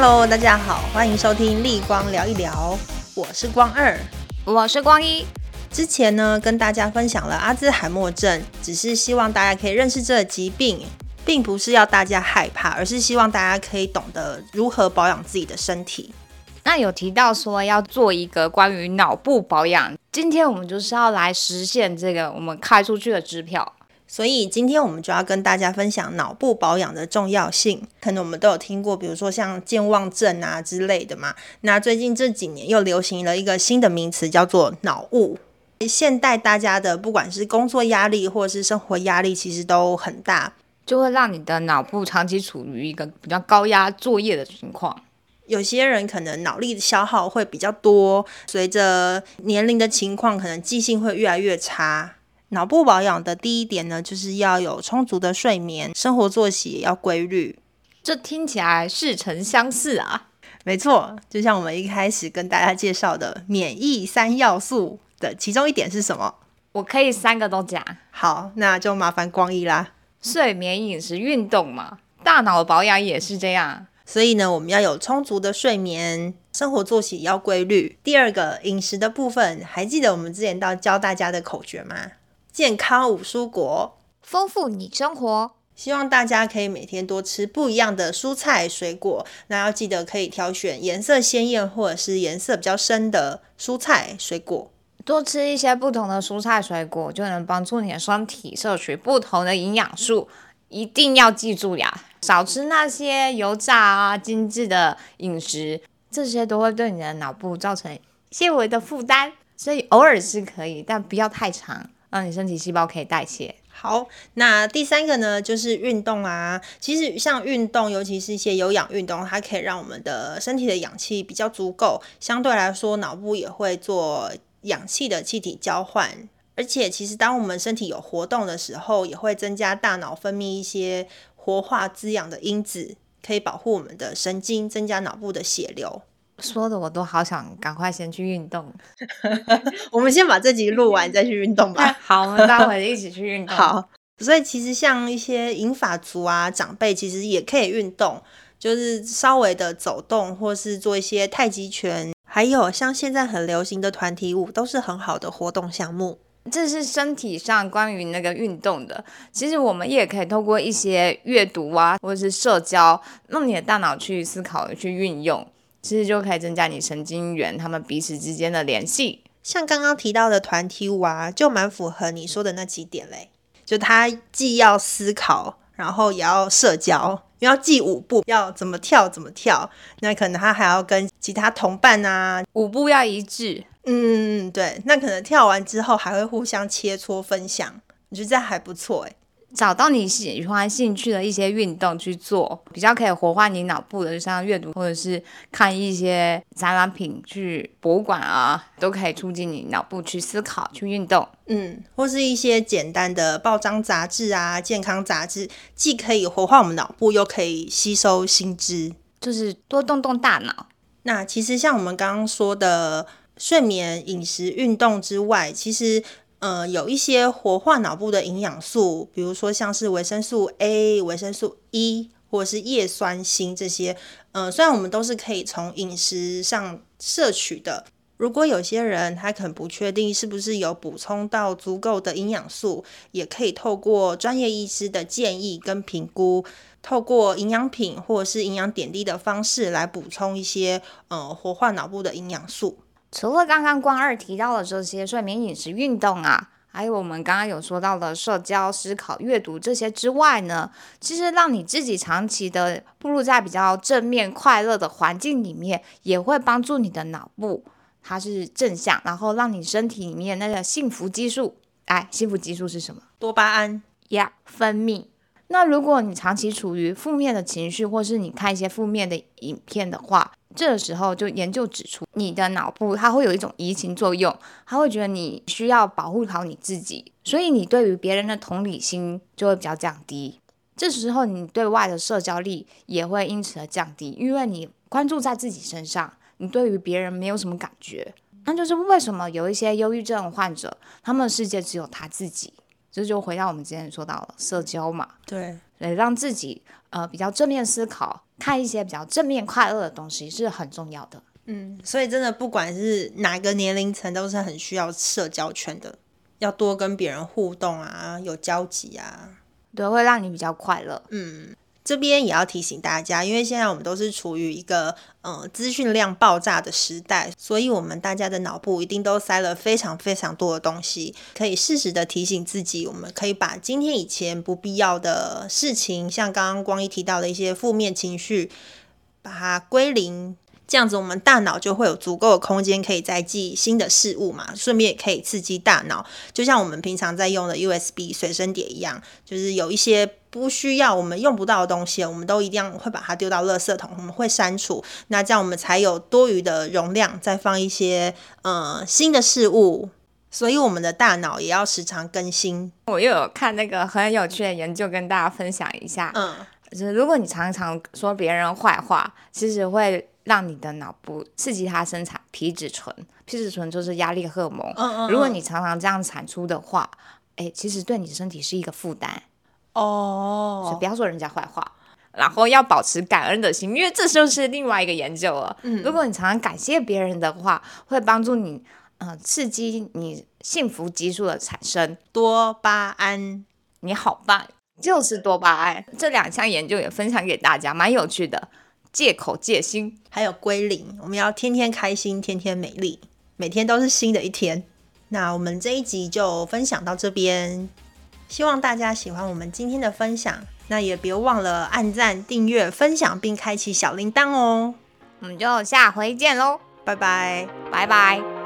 Hello，大家好，歡迎收聽《立光聊醫聊》，我是光二，我是光一。之前呢，跟大家分享了阿茲海默症，只是希望大家可以認識這個疾病，並不是要大家害怕，而是希望大家可以懂得如何保養自己的身體。那有提到說要做一個關於腦部保養，今天我們就是要來實現這個我們開出去的支票。所以今天我們就要跟大家分享腦部保養的重要性。可能我們都有聽過，比如說像健忘症啊之類的嘛。那最近這幾年又流行了一個新的名詞，叫做腦霧。現代大家的不管是工作壓力或是生活壓力，其實都很大，就會讓你的腦部長期處於一個比較高壓作業的情況。有些人可能腦力消耗會比較多，隨着年齡的情況，可能記性會越來越差。腦部保養的第一點呢，就是要有充足的睡眠，生活作息要規律。這聽起來似曾相識啊！沒錯，就像我們一開始跟大家介紹的免疫三要素的其中一點是什麼？我可以三個都講。好，那就麻煩光一啦。睡眠、飲食、運動嘛，大腦保養也是這樣。所以呢，我們要有充足的睡眠，生活作息要規律。第二個飲食的部分，還記得我們之前到教大家的口訣嗎？健康五蔬果，豐富你生活。希望大家可以每天多吃不一樣的蔬菜水果。那要記得可以挑選顏色鮮豔或者是顏色比較深的蔬菜水果，多吃一些不同的蔬菜水果，就能幫助你的身體攝取不同的營養素。一定要記住呀，少吃那些油炸啊、精致的飲食，這些都會對你的腦部造成細微的負擔。所以偶爾是可以，但不要太長。讓你身體細胞可以代謝。好，那第三個呢，就是運動啊。其實像運動，尤其是一些有氧運動，它可以讓我們的身體的氧氣比較足夠，相對來說腦部也會做氧氣的氣體交換。而且，其實當我們身體有活動的時候，也會增加大腦分泌一些活化滋養的因子，可以保護我們的神經，增加腦部的血流。說的我都好想趕快先去運動， 我們先把這集錄完再去運動吧。 好，我們待會兒一起去運動。好，所以其實像一些銀髮族啊，長輩其實也可以運動，就是稍微的走動，或是做一些太極拳，還有像現在很流行的團體舞，都是很好的活動項目。這是身體上關於那個運動的，其實我們也可以透過一些閱讀啊，或者是社交，讓你的大腦去思考、去運用。其實就可以增加你神經元他們彼此之間的聯繫。像剛剛提到的團體舞啊，就蠻符合你說的那幾點嘞。就他既要思考，然後也要社交，又要記舞步，要怎麼跳怎麼跳。那可能他還要跟其他同伴啊，舞步要一致。嗯，對，那可能跳完之後還會互相切磋分享，我覺得這樣還不錯誒、欸。找到你喜歡興趣的一些運動去做，比較可以活化你腦部的，就像閱讀或者是看一些展覽品去博物館啊，都可以促進你腦部去思考、去運動。嗯，或是一些簡單的報章雜誌啊、健康雜誌，既可以活化我們腦部，又可以吸收新知，就是多動動大腦。那其實像我們剛剛說的睡眠、飲食、運動之外，其實。呃，有一些活化腦部的營養素，比如說像是維生素 A、維生素 E，或者是葉酸、鋅這些。呃，雖然我們都是可以從飲食上攝取的，如果有些人他可能不確定是不是有補充到足夠的營養素，也可以透過專業醫師的建議跟評估，透過營養品或者是營養點滴的方式來補充一些呃活化腦部的營養素。除了剛剛關二提到的這些睡眠、飲食、運動啊，還有我們剛剛有說到的社交、思考、閱讀這些之外呢，其實讓你自己長期的步入在比較正面、快樂的環境裡面，也會幫助你的腦部它是正向，然後讓你身體裡面那個幸福激素，哎，幸福激素是什麼？多巴胺呀，、yeah，分泌。那如果你長期處於負面的情緒，或是你看一些負面的影片的話。這個時候就研究指出，你的腦部它會有一種移情作用，它會覺得你需要保護好你自己，所以你對於別人的同理心就會比較降低。這時候你對外的社交力也會因此而降低，因為你關注在自己身上，你對於別人沒有什麼感覺。那就是為什麼有一些憂鬱症患者，他們的世界只有他自己，這就，就回到我們之前說到了社交嘛。對。來讓自己呃比較正面思考，看一些比較正面快樂的東西是很重要的。嗯，所以真的不管是哪個年齡層，都是很需要社交圈的，要多跟別人互動啊，有交集啊，對，會讓你比較快樂。嗯。這邊也要提醒大家，因為現在我們都是處於一個嗯資訊量爆炸的時代，所以我們大家的腦部一定都塞了非常非常多的東西。可以適時的提醒自己，我們可以把今天以前不必要的事情，像剛剛光一提到的一些負面情緒，把它歸零。這樣子，我們大腦就會有足夠的空間，可以再記新的事物嘛。順便也可以刺激大腦，就像我們平常在用的 USB 隨身碟一樣，就是有一些不需要、我們用不到的東西，我們都一定要會把它丟到垃圾桶，我們會刪除。那這樣我們才有多餘的容量，再放一些嗯新的事物。所以我們的大腦也要時常更新。我又有看那個很有趣的研究，跟大家分享一下。嗯，就是如果你常常說別人壞話，其實會。讓你的腦部刺激它生產皮質醇，皮質醇就是壓力荷爾蒙。嗯嗯。如果你常常這樣產出的話，哎，其實對你身體是一個負擔。哦。所以不要說人家壞話，然後要保持感恩的心，因為這就是另外一個研究了。嗯。如果你常常感謝別人的話，會幫助你，嗯，呃，刺激你幸福激素的產生，多巴胺。你好棒，就是多巴胺。這兩項研究也分享給大家，蠻有趣的。借口戒心，還有歸零。我們要天天開心，天天美麗，每天都是新的一天。那我們這一集就分享到這邊，希望大家喜歡我們今天的分享。那也別忘了按讚、訂閱、分享，並開啟小鈴鐺哦。我們就下回見嘍，拜拜 bye，拜拜。